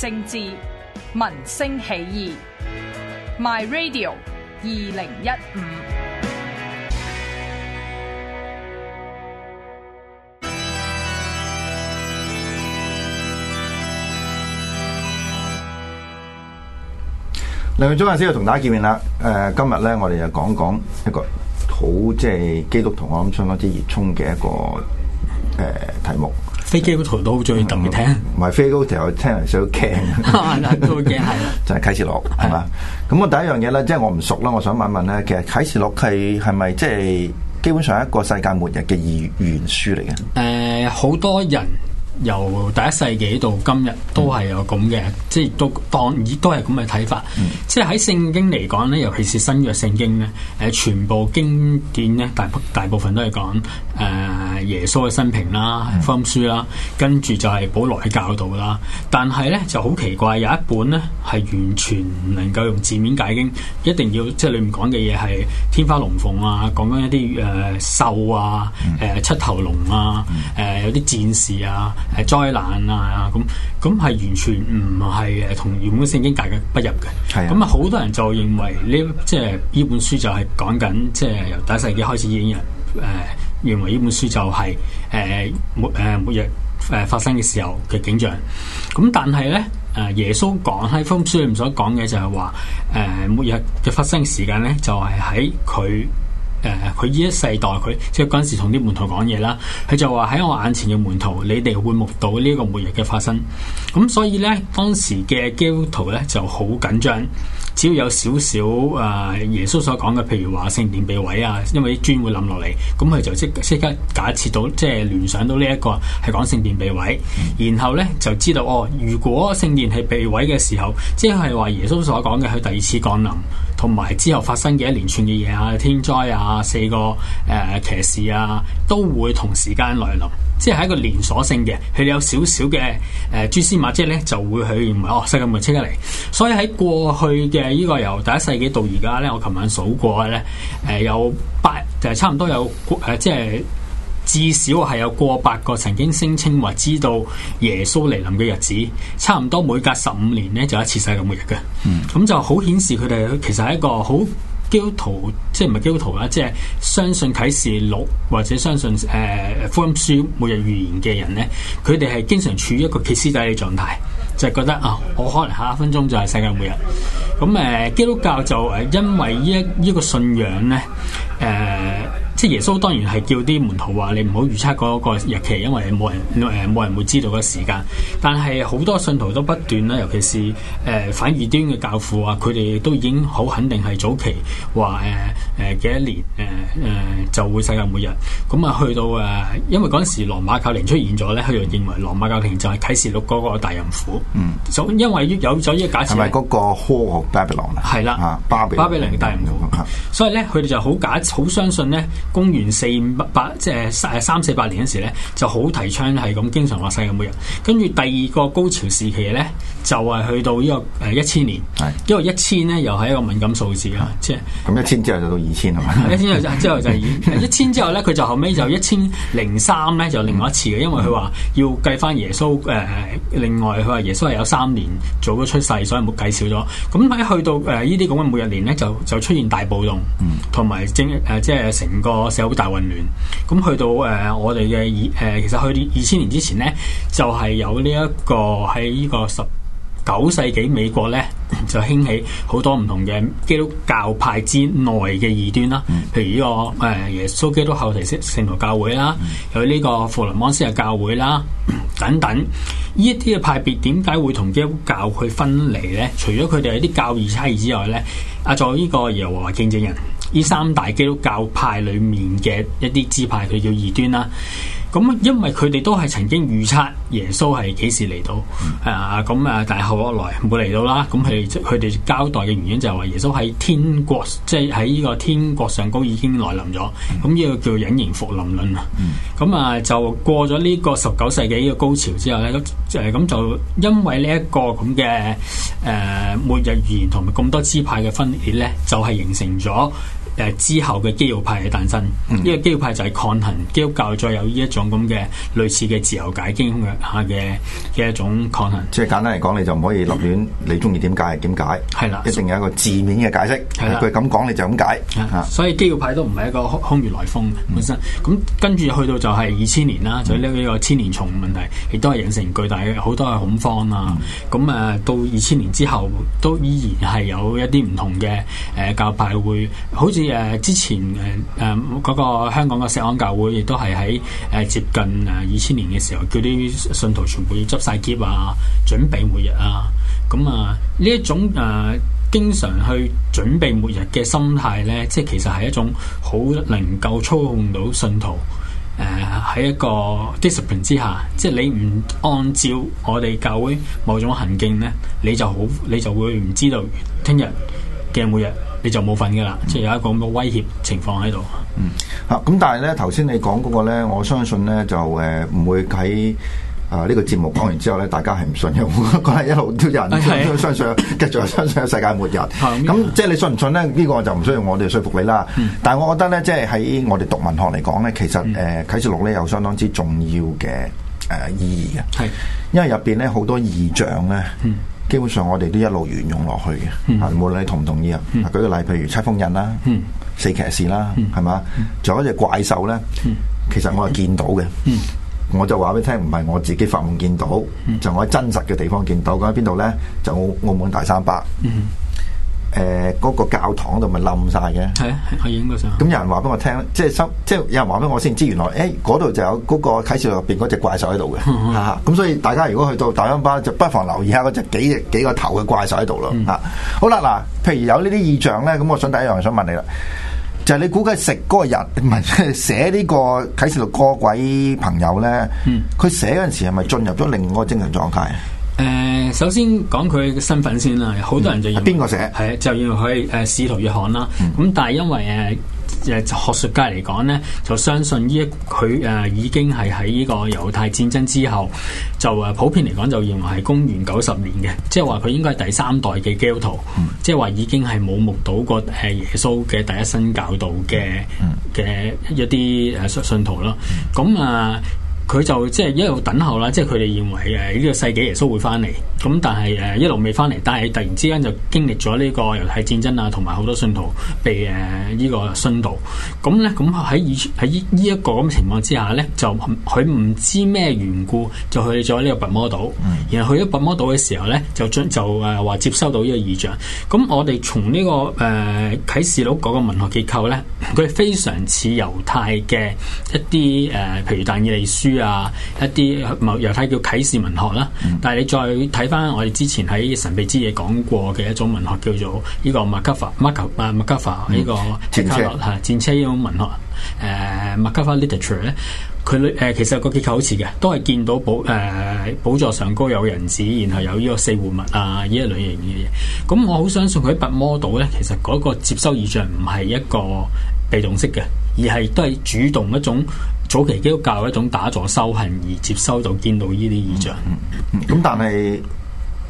政治、民聲起義，My Radio 二零一五。另外，早陣先又同大家見面啦。誒、呃，今日咧，我哋就講講一個好即係基督徒我諗相當之熱衷嘅一個誒、呃、題目。飛機都嘈到好中意特別聽，唔係、嗯、飛機都成日聽人想驚，係 就係啟示錄係嘛？咁的我第一樣嘢咧，即係我唔熟啦。我想問一問咧，其實啟示錄係係咪即係基本上一個世界末日嘅預言書嚟嘅？誒、呃，好多人由第一世紀到今日都係有咁嘅，嗯、即係都當然都係咁嘅睇法。嗯、即係喺聖經嚟講咧，尤其是新約聖經咧，誒、呃，全部經典咧，大部大部分都係講誒。呃耶穌嘅生平啦，福音書啦，跟住就係保羅嘅教導啦。但係咧就好奇怪，有一本咧係完全唔能夠用字面解經，一定要即係裏面講嘅嘢係天花龍鳳啊，講緊一啲誒獸啊，誒、呃、七頭龍啊，誒、呃、有啲戰士啊，誒災難啊咁，咁係完全唔係誒同原本聖經格格不入嘅。咁啊的，好多人就認為呢即係呢本書就係講緊即係由第一世紀開始已經人。誒，認為呢本書就係、是、誒、呃、末誒、呃、末日誒發生嘅時候嘅景象。咁但係咧，誒、啊、耶穌講喺《福音書》裏邊所講嘅就係話，誒末日嘅發生時間咧就係喺佢。誒佢呢一世代佢，即係嗰陣時同啲門徒講嘢啦，佢就話，喺我眼前嘅門徒，你哋會目睹呢個末日嘅發生。咁所以咧，當時嘅基督徒咧就好緊張，只要有少少誒耶穌所講嘅，譬如話聖殿被毀啊，因為啲磚會冧落嚟，咁佢就即即刻假設到，即係聯想到呢一個係講聖殿被毀，然後咧就知道哦，如果聖殿係被毀嘅時候，即係話耶穌所講嘅佢第二次降臨同埋之後發生嘅一連串嘅嘢啊，天災啊～啊！四個誒呃、騎士啊，都會同時間來臨，即係係一個連鎖性嘅，佢哋有少少嘅誒蛛絲馬跡咧，就會去哦，世界末日即係嚟。所以喺過去嘅呢個由第一世紀到而家咧，我琴晚數過咧，誒、呃、有八，就係、是、差唔多有誒、呃，即係至少係有過八個曾經聲稱話知道耶穌嚟臨嘅日子，差唔多每隔十五年咧就一次世界末日嘅。嗯，咁就好顯示佢哋其實係一個好。基督徒即係唔係基督徒啦，即係相信啟示錄或者相信誒、呃、福音書每日預言嘅人咧，佢哋係經常處於一個歇斯底里嘅狀態，就係、是、覺得啊，我可能下一分鐘就係世界末日。咁誒、呃，基督教就誒因為呢一呢、這個信仰咧誒。呃即係耶穌當然係叫啲門徒話你唔好預測嗰個日期，因為冇人誒冇人會知道個時間。但係好多信徒都不斷咧，尤其是誒、呃、反異端嘅教父啊，佢哋都已經好肯定係早期話誒誒幾多年誒誒、呃、就會世界末日。咁啊去到誒、呃，因為嗰陣時羅馬教廷出現咗咧，佢就認為羅馬教廷就係啟示錄嗰個大淫婦。嗯，因為有咗呢個假設，係咪嗰個科學巴比倫？係啦，巴比巴比倫嘅大淫婦。嗯、所以咧，佢哋就好假好相信咧。公元四百即係三三四百年嗰時咧，就好提倡係咁，經常話世界末日。跟住第二個高潮時期咧，就係、是、去到呢個誒一千年。係是，因為一千咧又係一個敏感數字啊，即係。咁一千之後就到二千係嘛？一千 之後就二一千之後咧，佢就後尾就一千零三咧，就另外一次嘅，因為佢話要計翻耶穌誒、呃，另外佢話耶穌係有三年早咗出世，所以冇計少咗。咁喺去到誒呢啲咁嘅末日年咧，就就出現大暴動，同埋政誒即係成個。Hmm 個社會大混亂，咁去到誒、呃，我哋嘅二誒，其實去二千年之前咧，就係、是、有呢、這、一個喺呢個十九世紀美國咧，就興起好多唔同嘅基督教派之內嘅異端啦，譬如呢、這個誒、呃、耶穌基督後期聖聖徒教會啦，嗯、有呢個弗蘭芒斯嘅教會啦，等等，呢一啲嘅派別點解會同基督教去分離咧？除咗佢哋有啲教義差異之外咧，啊仲有呢個耶和華見證人。呢三大基督教派裏面嘅一啲支派，佢叫異端啦。咁因為佢哋都係曾經預測耶穌係幾時嚟到，啊咁啊，但係後來冇嚟到啦。咁佢哋佢哋交代嘅原因就係話耶穌喺天國，即係喺呢個天國上高已經來臨咗。咁、這、呢個叫隱形復臨論啊。咁啊、嗯，就過咗呢個十九世紀呢個高潮之後咧，咁就因為呢一個咁嘅誒末日預言同埋咁多支派嘅分裂咧，就係、是、形成咗。誒之後嘅基要派嘅誕生，呢個基要派就係抗衡基督教，再有呢一種咁嘅類似嘅自由解經嘅下嘅嘅一種抗衡。即係簡單嚟講，你就唔可以立亂你中意點解係點解，係啦的，一定有一個字面嘅解釋。係佢咁講，你就咁解。所以基要派都唔係一個空穴來風本身。咁、嗯、跟住去到就係二千年啦，就呢個千年蟲問題，亦、嗯、都係形成巨大嘅好多嘅恐慌啊。咁啊、嗯，到二千年之後都依然係有一啲唔同嘅誒教派會好似。誒之前誒誒嗰個香港嘅錫安教會亦都係喺誒接近誒、呃、二千年嘅時候，叫啲信徒全部要執晒喼啊，準備末日啊。咁、嗯、啊，呢一種誒、啊、經常去準備末日嘅心態咧，即係其實係一種好能夠操控到信徒誒喺、呃、一個 discipline 之下，即係你唔按照我哋教會某種行徑咧，你就好你就會唔知道聽日嘅末日。你就冇份噶啦，嗯、即係有一個咁嘅威脅情況喺度。嗯，啊，咁但係咧，頭先你講嗰個咧，我相信咧就誒唔、呃、會喺啊呢個節目講完之後咧，大家係唔信嘅，我覺得一路都有人相信，繼是的 續相信世界末日。咁的、嗯嗯、即係你信唔信咧？呢、這個就唔需要我哋說服你啦。嗯、但係我覺得咧，即係喺我哋讀文學嚟講咧，其實誒啟、呃、示錄咧有相當之重要嘅誒、呃、意義嘅。係、嗯，因為入邊咧好多異象咧。基本上我哋都一路沿用落去嘅，啊、嗯，無論你同唔同意啊，嗯、舉個例，譬如七封印啦，嗯、四騎士啦，係嘛、嗯，仲吧有一隻怪獸咧，嗯、其實我係見到嘅，嗯、我就話俾你聽，唔係我自己發夢見到，嗯、就我喺真實嘅地方見到，咁喺邊度咧？就澳門大三巴。嗯嗯嗯誒，嗰、呃那個教堂度咪冧晒嘅？係，係影嗰相。咁有人話俾我聽，即係收，即係有人話俾我先知，原來誒嗰度就有嗰個啟示錄入邊嗰隻怪獸喺度嘅。咁、嗯嗯啊、所以大家如果去到大英巴，就不妨留意下嗰隻幾個幾個頭嘅怪獸喺度咯。吓、啊，嗯、好啦，嗱，譬如有呢啲異象咧，咁我想第一樣想問你啦，就係、是、你估計食嗰個人，唔係寫呢個啟示錄嗰鬼朋友咧，佢寫嗰陣時係咪進入咗另一個精神狀態？誒、嗯。首先講佢嘅身份先啦，好多人就邊個寫係就認為佢誒使徒約翰啦。咁、嗯、但係因為誒誒、啊、學術界嚟講咧，就相信呢一佢誒已經係喺呢個猶太戰爭之後，就誒普遍嚟講就認為係公元九十年嘅，即係話佢應該係第三代嘅基督徒，即係話已經係冇目睹過誒耶穌嘅第一身教導嘅，嘅一啲誒信徒咯。咁啊，佢就即係一路等候啦，即係佢哋認為誒呢個世紀耶穌會翻嚟。咁但係誒一路未翻嚟，但係突然之間就經歷咗呢個猶太戰爭啊，同埋好多信徒被誒呢、呃這個殉道。咁咧，咁喺以喺依依一個咁嘅情況之下咧，就佢唔、嗯、知咩緣故就去咗呢個拔摩島。然後去咗拔摩島嘅時候咧，就將就誒話、呃、接收到呢個異象。咁我哋從呢個誒啟、呃、示錄嗰個文學結構咧，佢非常似猶太嘅一啲誒、呃，譬如但以理書啊，一啲猶太叫啟示文學啦、啊。嗯、但係你再睇。翻我哋之前喺神秘之夜講過嘅一種文學，叫做呢個 Merkavah，麥球啊，Merkavah 呢個戰車吓，戰車呢種文學，誒、uh, Merkavah literature 咧，佢、uh, 誒其實個結構好似嘅，都係見到寶誒寶座上高有人子，然後有呢個四活物啊，呢一類型嘅嘢。咁我好相信佢喺拔摩島咧，其實嗰個接收異象唔係一個被動式嘅，而係都係主動一種早期基督教一種打坐修行而接收到見到呢啲異象。咁但係。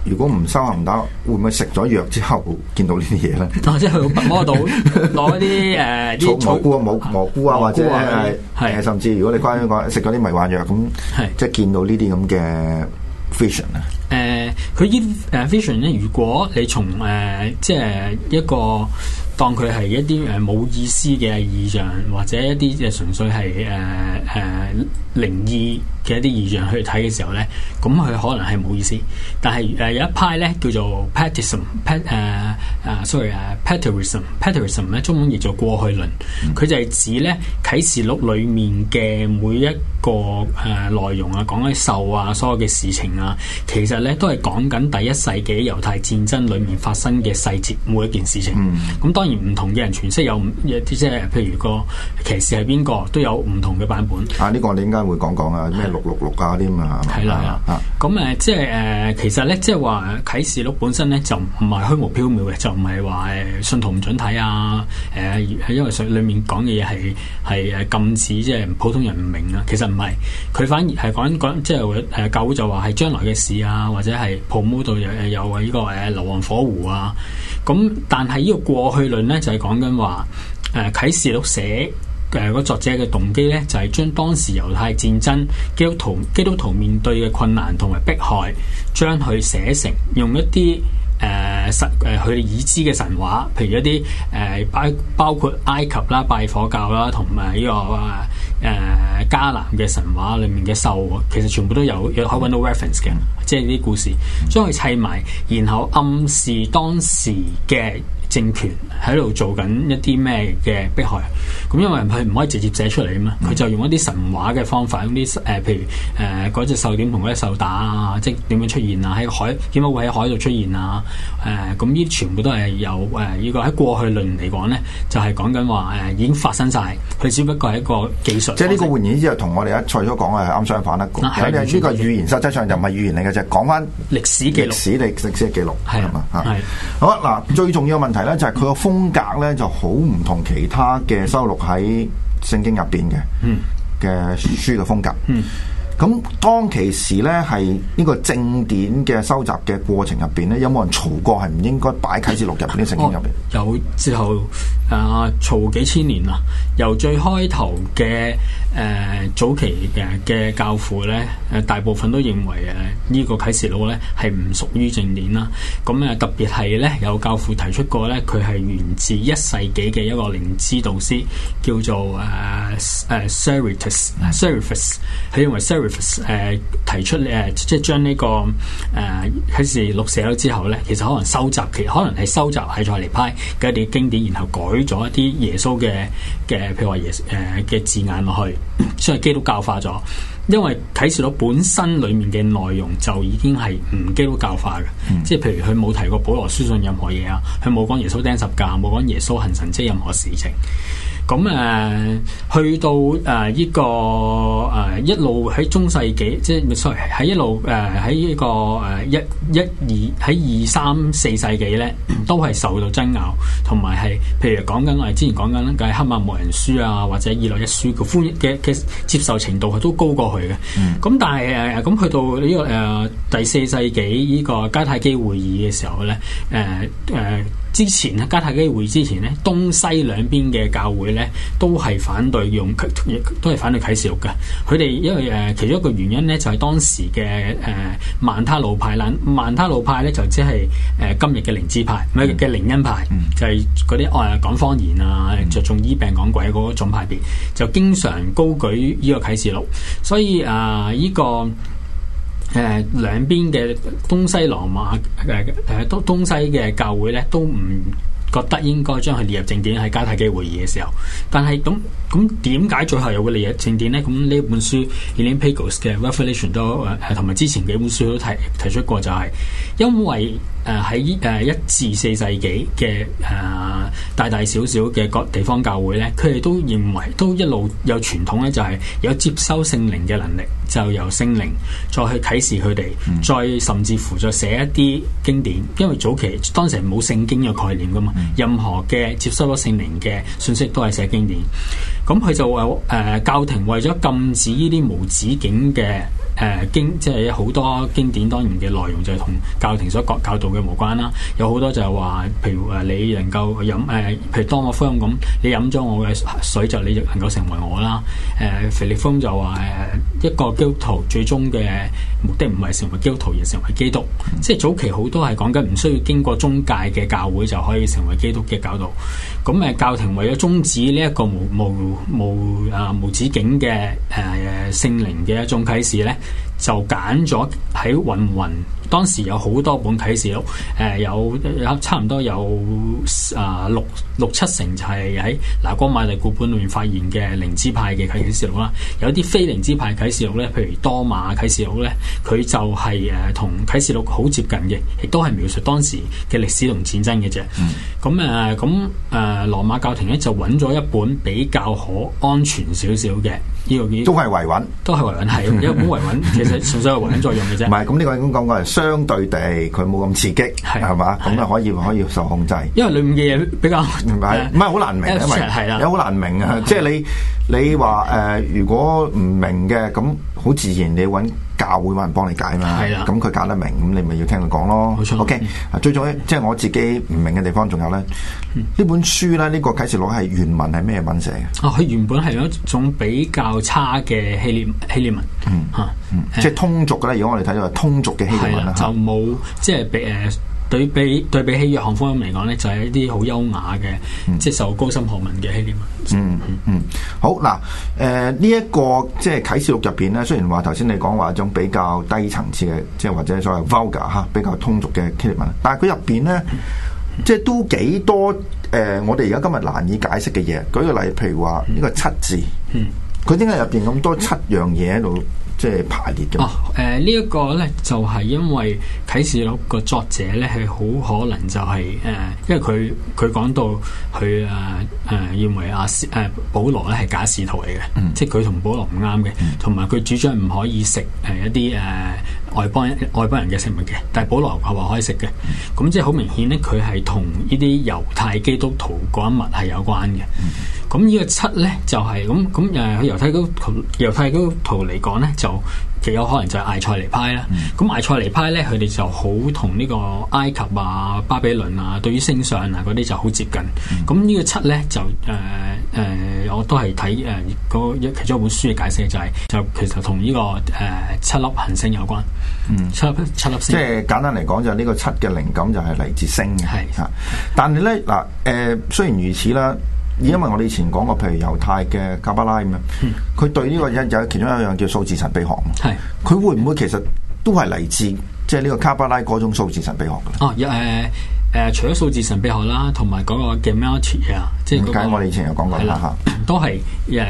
如果唔收唔得，會唔會食咗藥之後見到呢啲嘢咧？即係去到拔摩島攞啲誒啲草菇，菇啊、冇蘑菇啊，或者誒誒，啊、是甚至如果你關於講食嗰啲迷幻藥咁，係是即係見到這這呢啲咁嘅 vision 啊？誒，佢呢誒 vision 咧，如果你從誒、呃、即係一個當佢係一啲誒冇意思嘅異象，或者一啲誒純粹係誒誒靈異。嘅一啲異象去睇嘅時候咧，咁佢可能係冇意思。但係誒有一派咧叫做 Preterism 誒誒 sorry 啊、uh, Preterism Preterism 咧，中文譯做過去論，佢就係指咧啟示錄裡面嘅每一個誒、呃、內容啊，講嘅獸啊，所有嘅事情啊，其實咧都係講緊第一世紀猶太戰爭裡面發生嘅細節，每一件事情。咁、嗯嗯、當然唔同嘅人詮釋有唔即係譬如個騎士係邊個都有唔同嘅版本。啊，呢、這個我哋應該會講講啊，六六六啊啲嘛係嘛，咁誒、嗯，即係誒，其實咧，即係話啟示錄本身咧，就唔係虛無縹緲嘅，就唔係話誒信徒唔准睇啊，誒、呃，係因為上裏面講嘅嘢係係誒禁止，即係普通人唔明啊。其實唔係，佢反而係講講，即係誒教會就話係將來嘅事啊，或者係 promote 又又呢個誒硫磺火湖啊。咁但係呢個過去論咧，就係講緊話誒啟示錄寫。誒個作者嘅動機咧，就係、係、將當時猶太戰爭、基督徒基督徒面對嘅困難同埋迫害，將佢寫成用一啲誒神誒佢已知嘅神話，譬如一啲誒埃包括埃及啦、拜火教啦，同埋呢個誒、呃、迦南嘅神話裡面嘅獸，其實全部都有，嗯、有可以揾到 reference 嘅，即係啲故事，將佢砌埋，然後暗示當時嘅。政權喺度做緊一啲咩嘅迫害？咁因為佢唔可以直接寫出嚟啊嘛，佢就用一啲神話嘅方法，嗰啲誒譬如誒嗰隻獸點同嗰隻獸打啊？即點樣出現啊？喺海點解會喺海度出現啊？誒咁呢？這這全部都係有，誒呢個喺過去論嚟講咧，就係、是、講緊話誒已經發生晒，佢只不過係一個技術。即呢個換言之，就同我哋一齊所講嘅係啱相反一呢個，啊、個語言，實際上就唔係語言嚟嘅就啫。講翻歷史記錄，歷史錄歷史，歷史歷史嘅記錄係啊嘛嚇。係好啊嗱，最重要嘅問題。咧就係佢個風格咧就好唔同其他嘅，收錄喺聖經入邊嘅嘅書嘅風格。咁、嗯、當其時咧係呢個正典嘅收集嘅過程入邊咧，有冇人嘈過係唔應該擺啟示錄入邊啲聖經入邊？哦，有之後啊、呃，嘈幾千年啦，由最開頭嘅。誒、呃、早期嘅嘅教父咧，誒、呃、大部分都認為誒呢個啟示錄咧係唔屬於正典啦。咁、啊、誒特別係咧有教父提出過咧，佢係源自一世紀嘅一個靈知導師，叫做誒誒 Cerinthus。啊啊、Cerinthus，佢認為 Cerinthus、啊、提出誒、啊、即係將呢、這個誒、啊、啟示錄寫咗之後咧，其實可能收集，其實可能係收集喺再嚟派嘅一啲經典，然後改咗一啲耶穌嘅嘅譬如話耶誒嘅、啊、字眼落去。所以基督教化咗，因為啟示錄本身裏面嘅內容就已經係唔基督教化嘅，嗯、即係譬如佢冇提過保羅書信任何嘢啊，佢冇講耶穌釘十架，冇講耶穌行神跡任何事情。咁誒去到誒依個誒一路喺中世紀，即係 sorry 喺一路誒喺依個誒一一二喺二三四世紀咧，都係受到爭拗，同埋係譬如講緊我哋之前講緊梗係《黑馬牧人書》啊，或者《二郎一書》嘅歡嘅嘅接受程度係都高過佢嘅。咁但係誒誒，咁去到呢個誒第四世紀依個迦太基會議嘅時候咧，誒誒。之前咧加泰基會之前咧，東西兩邊嘅教會咧都係反對用，都係反對啟示錄嘅。佢哋因為誒、呃、其中一個原因咧，就係、是、當時嘅誒曼他路派啦。曼他路派咧就即係誒今日嘅靈智派，唔係嘅靈恩派，嗯、就係嗰啲誒講方言啊，着重醫病講鬼嗰種派別，嗯、就經常高舉呢個啟示錄，所以啊呢、呃這個。誒、呃、兩邊嘅東西羅馬誒誒東東西嘅教會咧，都唔覺得應該將佢列入正典喺加太基會議嘅時候。但係咁咁點解最後又會列入正典咧？咁、嗯、呢本書 Elaine Pagels 嘅 Revelation 都誒同埋之前幾本書都提提出過，就係因為。誒喺誒一至四世紀嘅誒大大小小嘅各地方教會咧，佢哋都認為都一路有傳統咧，就係有接收聖靈嘅能力，就由聖靈再去啟示佢哋，嗯、再甚至乎再寫一啲經典。因為早期當時冇聖經嘅概念噶嘛，任何嘅接收咗聖靈嘅信息都係寫經典。咁佢就話誒、呃、教廷為咗禁止呢啲無止境嘅。誒經即係好多經典當然嘅內容就係同教廷所教教導嘅無關啦，有好多就係話，譬如誒你能夠飲誒、呃，譬如當我方咁，你飲咗我嘅水就你就能夠成為我啦。誒，腓力峯就話誒，一個基督徒最終嘅目的唔係成為基督徒，而成為基督。即係早期好多係講緊唔需要經過中介嘅教會就可以成為基督嘅教徒。咁誒，教廷為咗終止呢一個無無無啊無止境嘅誒、啊、聖靈嘅一種啟示咧。就揀咗喺雲雲，當時有好多本啟示錄，誒、呃、有有差唔多有啊、呃、六六七成就係喺嗱光買地古本裏面發現嘅靈知派嘅啟示錄啦。有啲非靈知派啟示錄咧，譬如多馬啟示錄咧，佢就係誒同啟示錄好接近嘅，亦都係描述當時嘅歷史同戰爭嘅啫。嗯。咁誒咁誒羅馬教廷咧就揾咗一本比較可安全少少嘅，呢個都係維穩，都係維穩，係因為維穩 純粹係緩衝作用嘅啫。唔係，咁呢個已經講過，係相對地，佢冇咁刺激，係嘛的，咁啊可以可以受控制。因為裏邊嘅嘢，比較唔係，唔係好難明，因為係啦，有好為難明啊。的即係你你話誒、呃，如果唔明嘅，咁好自然你搵。教會揾人幫你解嘛，咁佢解得明，咁你咪要聽佢講咯。冇錯。OK，最主要即係我自己唔明嘅地方，仲有咧，呢本書咧，呢個啟示錄係原文係咩文寫嘅？哦，佢原本係一種比較差嘅希臘希臘文，嚇，即係通俗嘅。如果我哋睇到係通俗嘅希臘文啦，就冇即係誒。對比對比起約翰福音嚟講咧，就係、是、一啲好優雅嘅，嗯、即係受高深學問嘅希臘文。嗯嗯嗯，好嗱，誒呢一個、呃這個、即係啟示錄入邊咧，雖然話頭先你講話一種比較低層次嘅，即係或者所謂 vulgar 吓、啊，比較通俗嘅希臘文，但係佢入邊咧，嗯嗯、即係都幾多誒、呃，我哋而家今日難以解釋嘅嘢。舉個例，譬如話呢個七字，佢點解入邊咁多七樣嘢喺度？嗯嗯嗯嗯即係排列咗。哦，誒、呃這個、呢一個咧，就係、是、因為啟示錄個作者咧，係好可能就係、是、誒、呃，因為佢佢講到佢啊誒，認為阿誒、呃、保羅咧係假使徒嚟嘅，嗯、即係佢同保羅唔啱嘅，同埋佢主張唔可以食誒一啲誒、呃、外邦外邦人嘅食物嘅，但係保羅係話可以食嘅，咁、嗯嗯、即係好明顯咧，佢係同呢啲猶太基督徒嗰一脈係有關嘅。嗯咁呢個七咧就係咁咁誒，喺猶太嗰圖猶太嗰圖嚟講咧，就其有可能就係艾賽尼派啦。咁艾賽尼派咧，佢哋就好同呢個埃及啊、巴比倫啊，對於星相啊嗰啲就好接近。咁呢個七咧就誒誒，我都係睇誒其中一本書嘅解釋，就係就其實同呢個誒七粒行星有關。嗯，七粒七粒星。即係簡單嚟講，就係呢個七嘅靈感就係嚟自星嘅。係啊，但係咧嗱誒，雖然如此啦。因為我哋以前講過，譬如猶太嘅卡巴拉咁樣，佢對呢個有有其中一樣叫數字神秘學，佢會唔會其實都係嚟自即係呢個卡巴拉嗰種數字神秘學嘅咧？哦、啊，誒、呃、誒、呃，除咗數字神秘學啦，同埋嗰個 geometry 啊。點解、那個、我哋以前有講過啦？嚇 ，都係誒誒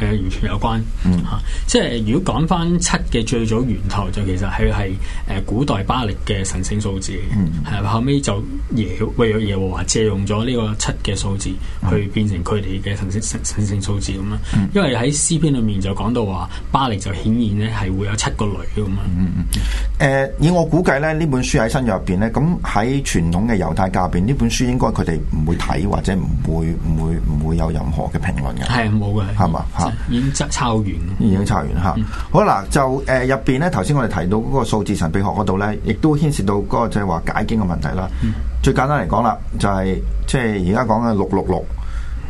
完全有關嚇、嗯啊。即係如果講翻七嘅最早源頭，就其實係係誒古代巴力嘅神聖數字。嗯，係後尾就耶為咗耶和華借用咗呢個七嘅數字，去變成佢哋嘅神聖神、嗯、神聖數字咁啊。因為喺詩篇裏面就講到話，巴力就顯現咧係會有七個女咁啊。嗯，以我估計咧，呢本書喺新約入邊咧，咁喺傳統嘅猶太教入邊，呢本書應該佢哋唔會睇或者唔會。唔會唔會有任何嘅評論嘅，係冇嘅，係嘛嚇，吧已，經已經抄完，已經抄完嚇。好嗱，就誒入邊咧，頭、呃、先我哋提到嗰個數字神秘學嗰度咧，亦都牽涉到嗰、嗰個即係話解經嘅問題啦。嗯、最簡單嚟講啦，就係、是、即係而家講嘅六六六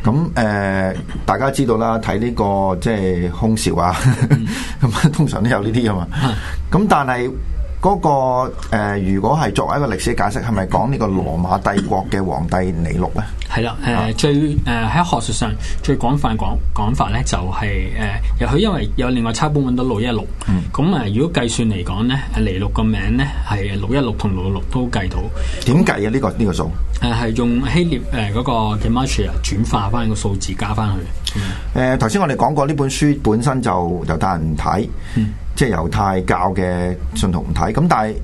咁誒，大家知道啦，睇呢、呢個即係空兆啊，咁 通常都有呢啲啊嘛。咁、嗯嗯、但係嗰、嗰個、呃、如果係作為一個歷史解釋，係咪講呢個羅馬帝國嘅皇帝尼祿咧？係啦，誒、呃，最誒喺、呃、學術上最廣泛講講法咧，就係、是、誒，又、呃、佢因為有另外抄本搵到六一六，咁啊，如果計算嚟講咧，尼六個名咧係六一六同六六六都計到，點計啊？呢那、這個呢、這個數誒，係、呃、用希臘誒嗰、呃那個嘅 mathia 轉化翻個數字加翻去。誒、嗯，頭先、呃、我哋講過呢本書本身就由得人睇，嗯、即係猶太教嘅信徒唔睇，咁但係。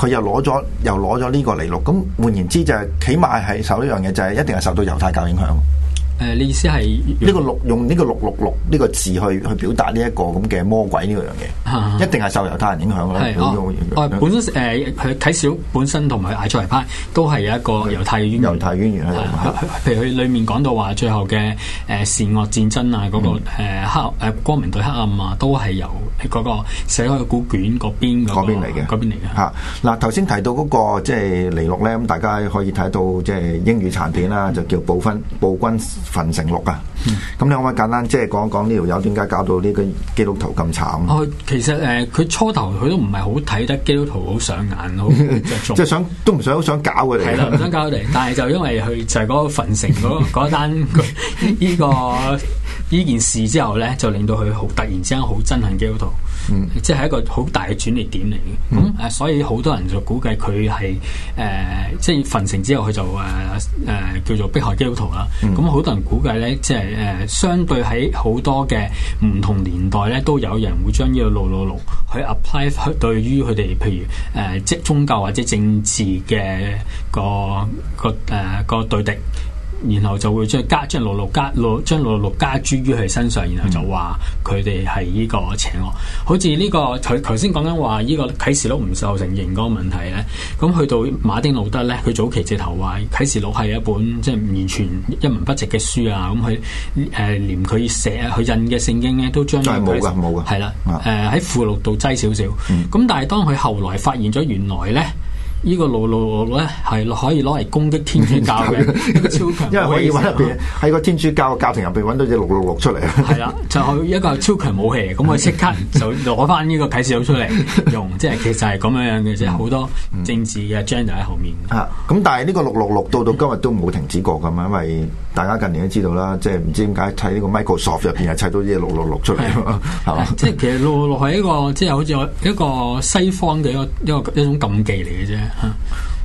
佢又攞咗，又攞咗呢個嚟錄。咁換言之，就係，就係起碼係受呢樣嘢，就係一定係受到猶太教影響。誒、呃，你意思係呢個六用呢個六六六，呢個字去去表達呢一個咁嘅魔鬼呢樣嘢？啊、一定係受猶太人影響咯。係是、哦哦、本身誒佢睇小本身同埋艾崔維派都係有一個猶太猶太淵源係，譬、啊、是如佢裡面講到話最後嘅誒善惡戰爭啊，嗰、那個黑誒、嗯呃、光明對黑暗啊，都係有。嗰個寫開古卷嗰邊嚟嘅，嗰邊嚟嘅。嚇嗱，頭先提到嗰個即係尼祿咧，咁大家可以睇到即係英語殘片啦，就叫暴分暴君焚城錄啊。咁你可唔可以簡單即係講一講呢條友點解搞到呢個基督徒咁慘？哦，其實誒，佢初頭佢都唔係好睇得基督徒好上眼，好即係想都唔想，想搞佢哋。唔想搞佢哋，但係就因為佢就係嗰個焚城嗰嗰單呢個。呢件事之後咧，就令到佢好突然之間好憎恨基督徒，嗯，即係一個好大嘅轉捩點嚟嘅。咁誒、嗯嗯，所以好多人就估計佢係誒，即係焚城之後佢就誒誒、呃、叫做迫害基督徒啦。咁好、嗯、多人估計咧，即係誒、呃、相對喺好多嘅唔同年代咧，都有人會將呢個六六六去 apply 去對於佢哋，譬如誒、呃、即宗教或者政治嘅個個誒個，個，個對敵。然後就會將加將六六加六將六六六加諸於佢身上，然後就、這個、話佢哋係呢個邪惡。好似呢個佢頭先講緊話呢個啟示錄唔受承認嗰個問題咧，咁、嗯、去到馬丁路德咧，佢早期直頭話啟示錄係一本即係、就是、完全一文不值嘅書啊！咁佢誒連佢寫佢印嘅聖經咧，都將再冇㗎冇㗎，係啦誒喺附錄度擠少少。咁但係當佢後來發現咗原來咧。個魯魯呢個六六六咧，係可以攞嚟攻擊天主教嘅一個超強， 因為可以搵入邊喺個天主教嘅教廷入邊搵到隻六六六出嚟。係啦、啊，就係一個超強武器。咁佢即刻就攞翻呢個啟示錄出嚟 用，即係其實係咁樣樣嘅，即係好多政治嘅 agenda 喺後面。嗯、啊，咁但係呢個六六六到到今日都冇停止過噶嘛，因為。大家近年都知道啦，即係唔知點解砌呢個 Microsoft 入邊係砌到啲六六六出嚟，係嘛？即係其實六六六係一個即係好似一個西方嘅一個一個一種禁忌嚟嘅啫。啊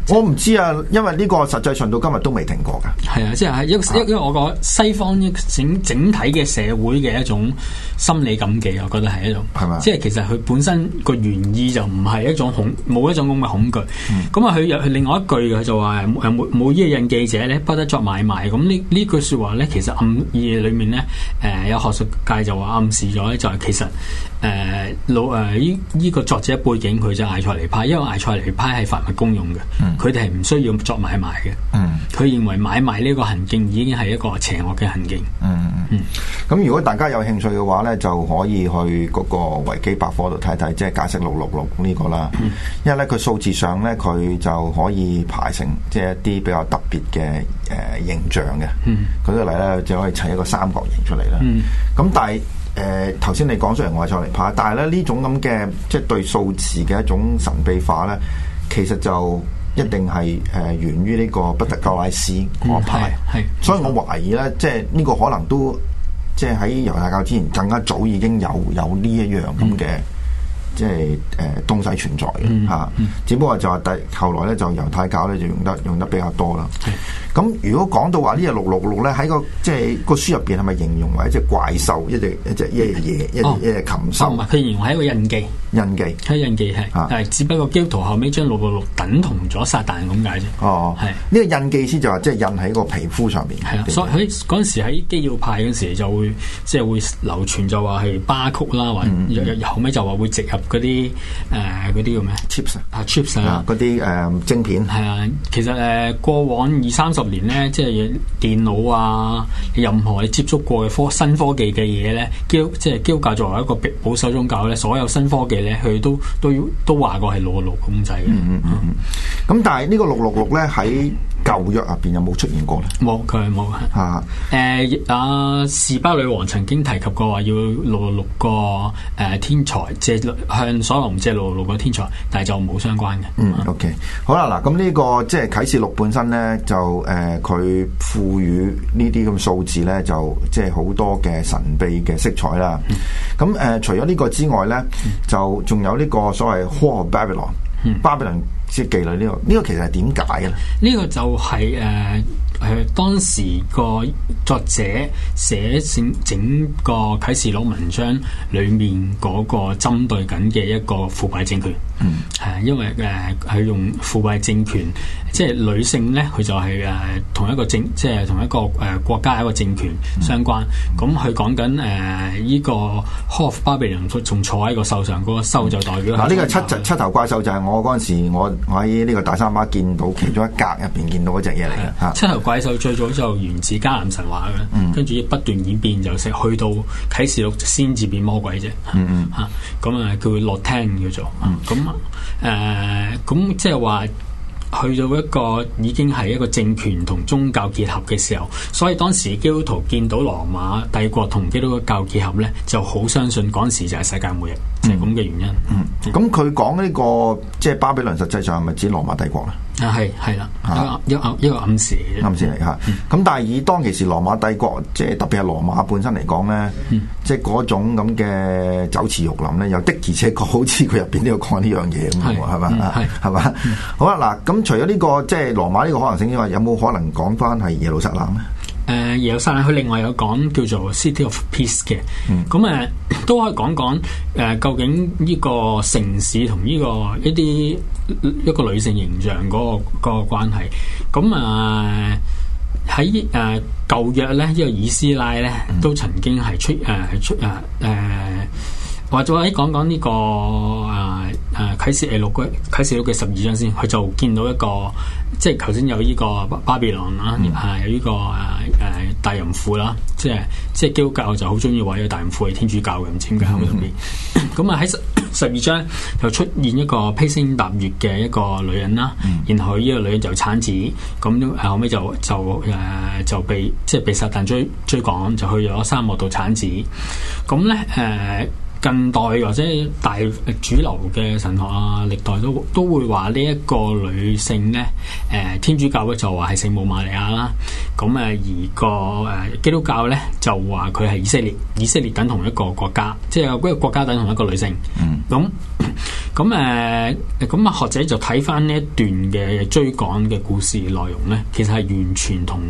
就是，我唔知啊，因為呢個實際上到今日都未停過噶。係啊，即係喺一因為我覺得西方一整整體嘅社會嘅一種心理禁忌，我覺得係一種係嘛。嗎即係其實佢本身個原意就唔係一種恐，冇一種咁嘅恐懼。咁啊，嗯，佢有另外一句，佢就話冇冇呢個印記者咧，不得作買賣。咁呢呢句說話咧，其實暗意裏面咧，誒、呃，有學術界就話暗示咗咧，就係、是，其實。誒，老誒，依依個作者背景，佢就艾塞尼派。因為艾塞尼派係財物公用嘅，佢哋係唔需要作買賣嘅。佢認為買賣呢個行徑已經係一個邪惡嘅行徑。嗯嗯嗯。咁如果大家有興趣嘅話咧，就可以去嗰個維基百科度睇睇，即係解釋六六六呢個啦。因為咧，佢數字上咧，佢就可以排成即係一啲比較特別嘅誒形象嘅。舉個例咧，就可以砌一個三角形出嚟啦。咁但係。誒頭先你講出嚟外係嚟派，但係咧呢這種咁嘅即係對數字嘅一種神秘化呢，其實就一定係誒、呃、源於呢個畢達哥拉斯派，係、嗯，所以我懷疑呢，的即係呢個可能都即係喺猶太教之前更加早已經有有呢一樣咁嘅。嗯即係誒東西存在嘅嚇，只不過就係第後來咧就猶太教咧就用得用得比較多啦。咁如果講到話呢隻六六六咧，喺個即係個書入邊係咪形容為一隻怪獸，一隻一隻一隻嘢，一隻一隻禽獸？唔係，佢形容係一個印記，印記係印記係，但係只不過 Gospel 後尾將六六六等同咗撒旦咁解啫。哦，係呢個印記先就話即係印喺個皮膚上面。係所以喺嗰陣時喺基要派嗰陣時就會即係會流傳就話係巴曲啦，或者後後後尾就話會植入。嗰啲誒，嗰啲，呃、叫咩？chips 啊，chips 啊，嗰啲誒晶片係啊、嗯。其實誒、呃，過往二三十年咧，即係電腦啊，任何你接觸過嘅科新科技嘅嘢咧，基督即基督教即係教作為一個保守宗教咧，所有新科技咧，佢都都要都話過係六六六公仔嘅。咁、嗯嗯嗯嗯、但係呢個六六六咧喺舊約入邊有冇出現過咧？冇，佢冇。啊，誒、啊，阿、啊、士、啊、巴女王曾經提及過話要六六六個誒天才即係。向所羅門之路，路過天才，但係就冇相關嘅。嗯，OK，好啦，嗱、這個，咁呢個即係啟示錄本身咧，就誒佢、呃、賦予呢啲咁數字咧，就即係好多嘅神秘嘅色彩啦。咁誒、嗯嗯呃，除咗呢個之外咧，嗯、就仲有呢個所謂破、嗯、巴比倫，巴比倫。即係妓女呢個呢個其實係點解嘅？呢個就係誒誒，當時個作者寫整整個《啟示錄》文章裏面嗰個針對緊嘅一個腐敗政權。嗯，誒，因為誒，佢、呃、用腐敗政權，即係女性咧，佢就係、是、誒、呃、同一個政，即係同一個誒國家一個政權相關。咁佢講緊誒呢個 Whore of 巴比倫，仲坐喺個獸上嗰、那個獸就代表嗱呢、嗯，這個七隻七頭怪獸就係我嗰陣時我。我喺呢個大三巴見到其中一格入邊見到嗰隻嘢嚟嘅嚇，七頭怪獸最早就源自迦南神話嘅，嗯，跟住不斷演變，就成去到啟示錄先至變魔鬼啫，嗯，嗯嗯嚇，咁啊佢會落聽叫做，咁誒，咁即係話。去到一個已經係一個政權同宗教結合嘅時候，所以當時基督徒見到羅馬帝國同基督教結合呢，就好相信嗰陣時就係世界末日，嗯、就係咁嘅原因。嗯，咁佢講呢個即係、就是、巴比倫，實際上係咪指羅馬帝國咧？啊，係係啦，一個暗一個暗示暗示嚟吓。咁、嗯嗯、但係以當其時羅馬帝國，即係特別係羅馬本身嚟講咧，即係嗰種咁嘅酒池肉林咧，又的而且確好似佢入邊都有講呢樣嘢咁啊，係嘛，係嘛。好啦，嗱、嗯，咁除咗呢、這個即係羅馬呢個可能性之外，有冇可能講翻係耶路撒冷咧？誒耶路撒冷，佢另外有講叫做 City of Peace 嘅，咁誒都可以講講誒究竟呢個城市同呢個一啲一個女性形象嗰個嗰個關係。咁啊喺誒舊約咧，呢個以斯拉咧都曾經係出誒出誒誒。或者我喺講講呢個誒誒啟示錄六啟示錄嘅十二章先，佢就見到一個即係頭先有呢個巴比倫啦，係、嗯啊、有呢個誒、啊啊、大淫婦啦，即係即係基督教就好中意話有大淫婦係天主教嘅，唔知點解喺度邊。咁啊喺十二章又出現一個披星踏月嘅一個女人啦，啊嗯、然後呢個女人就產子，咁後尾就就誒就，啊、就被即係被撒旦追追趕，就去咗沙漠度產子。咁咧誒。近代或者大主流嘅神學啊，歷代都都會話呢一個女性咧，誒、呃、天主教會就話係聖母瑪利亞啦，咁誒而個誒、呃、基督教咧就話佢係以色列，以色列等同一個國家，即係嗰個國家等同一個女性。嗯，咁咁誒咁啊，呃、學者就睇翻呢一段嘅追趕嘅故事內容咧，其實係完全同。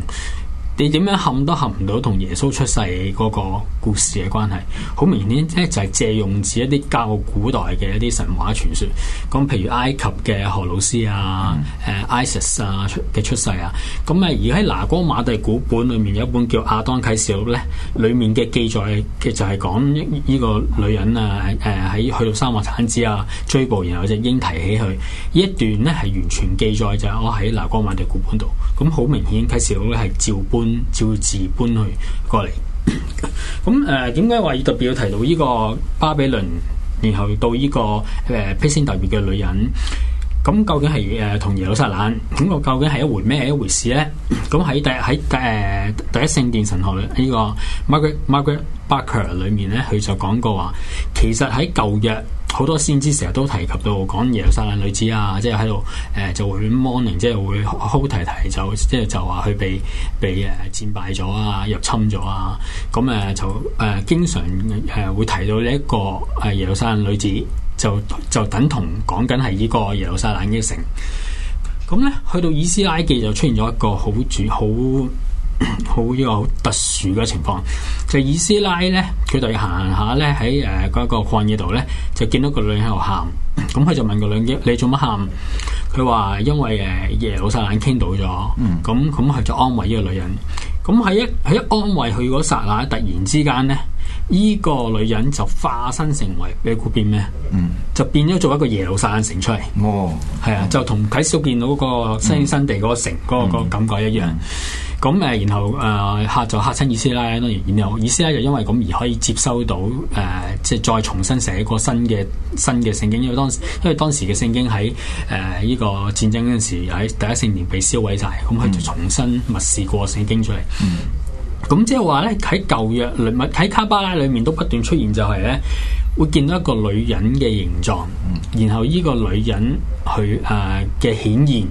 你點樣冚都冚唔到同耶穌出世嗰個故事嘅關係，好明顯咧就係借用自一啲較古代嘅一啲神話傳說，咁譬如埃及嘅荷魯斯啊、誒 Isis、嗯呃、啊嘅出世啊，咁啊而喺拿光馬蒂古本裏面有一本叫《亞當啟示錄》咧，裡面嘅記載嘅就係講呢個女人啊誒喺去到沙漠產子啊追捕，然後隻鷹提起佢，呢一段咧係完全記載就係我喺拿光馬蒂古本度，咁好明顯啟示錄咧係照搬。照字搬去過嚟，咁誒，點解話要特別要提到呢個巴比倫，然後到呢個誒披星特別嘅女人？咁究竟係誒同耶路撒冷咁個究竟係一回咩一回事咧？咁、嗯、喺第喺誒、呃、第一聖殿神學個 Margaret,、er、呢個 Margaret Barker 裏面咧，佢就講過話，其實喺舊約好多先知成日都提及到講耶路撒冷女子啊，即係喺度就 Morning，即係會哭啼啼，就 ning, 即係就話佢被被誒、呃、戰敗咗啊，入侵咗啊，咁誒、呃、就誒、呃、經常誒會提到呢一個誒耶路撒冷女子。就就等同講緊係呢個耶路撒冷嘅城，咁咧去到以斯拉記就出現咗一個好主好好呢個好特殊嘅情況，就以斯拉咧佢哋行下咧喺誒嗰個曠野度咧就見到個女人喺度喊，咁佢就問個女，你做乜喊？佢話因為誒耶路撒冷傾到咗，咁咁佢就安慰呢個女人，咁喺一喺安慰佢嗰剎那，突然之間咧。呢個女人就化身成為古，你估變咩？嗯，就變咗做一個耶路撒冷城出嚟。哦，係啊，嗯、就同啟示見到個新新地嗰個城嗰、嗯那個、那個感覺一樣。咁誒、嗯，然後誒吓、呃、就嚇親以斯拉，拉，然然後以斯拉就因為咁而可以接收到誒、呃，即係再重新寫一個新嘅新嘅聖經。因為當時因為當時嘅聖經喺誒呢個戰爭嗰陣時，喺第一聖殿被燒毀晒，咁佢就重新默示過聖經出嚟。嗯。嗯咁即係話咧，喺舊約裏物喺卡巴拉裏面都不斷出現就呢，就係咧，會見到一個女人嘅形狀，然後呢個女人佢誒嘅顯現，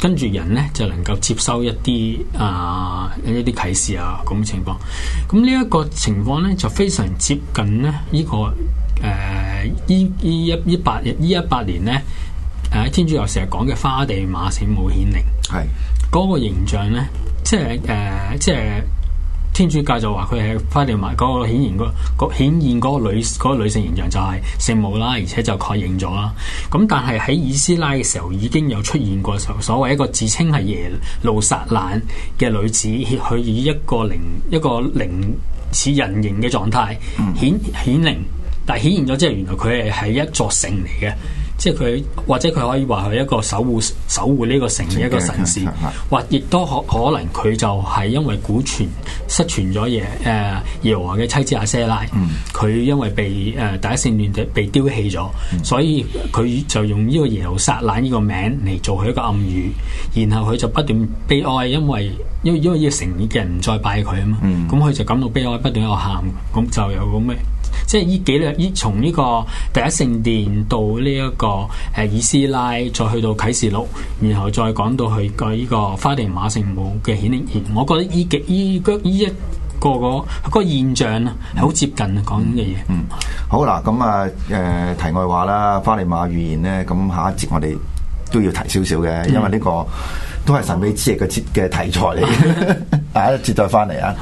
跟住人咧就能夠接收一啲啊、呃、一啲啟示啊咁情況。咁呢一個情況咧就非常接近咧呢、這個誒依依一一八、一八年咧誒、呃、天主教成日講嘅花地馬死冇顯靈係嗰是個形象咧，即係誒、呃、即係。天主教就話佢係發現埋嗰個顯現嗰個顯現嗰個女嗰個女性形象就係聖母啦，而且就確認咗啦。咁但係喺以斯拉嘅時候已經有出現過，所所謂一個自稱係耶路撒冷嘅女子，佢以一個靈一個靈似人形嘅狀態顯顯靈，但係顯現咗之後，原來佢係係一座城嚟嘅。即係佢，或者佢可以話係一個守護守護呢個城嘅一個神士，嗯嗯、或亦都可可能佢就係因為古傳失傳咗耶。誒、呃，耶和華嘅妻子亞西拉，佢、嗯、因為被誒、呃、第一聖殿被丟棄咗，嗯、所以佢就用呢個耶路撒冷呢個名嚟做佢一個暗語，然後佢就不斷悲哀因，因為因為因為呢個城嘅人唔再拜佢啊嘛。咁佢、嗯嗯、就感到悲哀，不斷又喊，咁就有咁嘅。即係依幾呢？依從呢個第一聖殿到呢一個誒以斯拉，再去到啟示錄，然後再講到去個呢個花地馬聖母嘅顯現，我覺得依幾依個一、這個嗰、這個這個現象啊，係好接近講嘅嘢。嗯，好啦，咁啊誒題外話啦，花地馬預言咧，咁下一節我哋都要提少少嘅，因為呢個都係神秘之夜嘅節嘅題材嚟。下一節再翻嚟啊。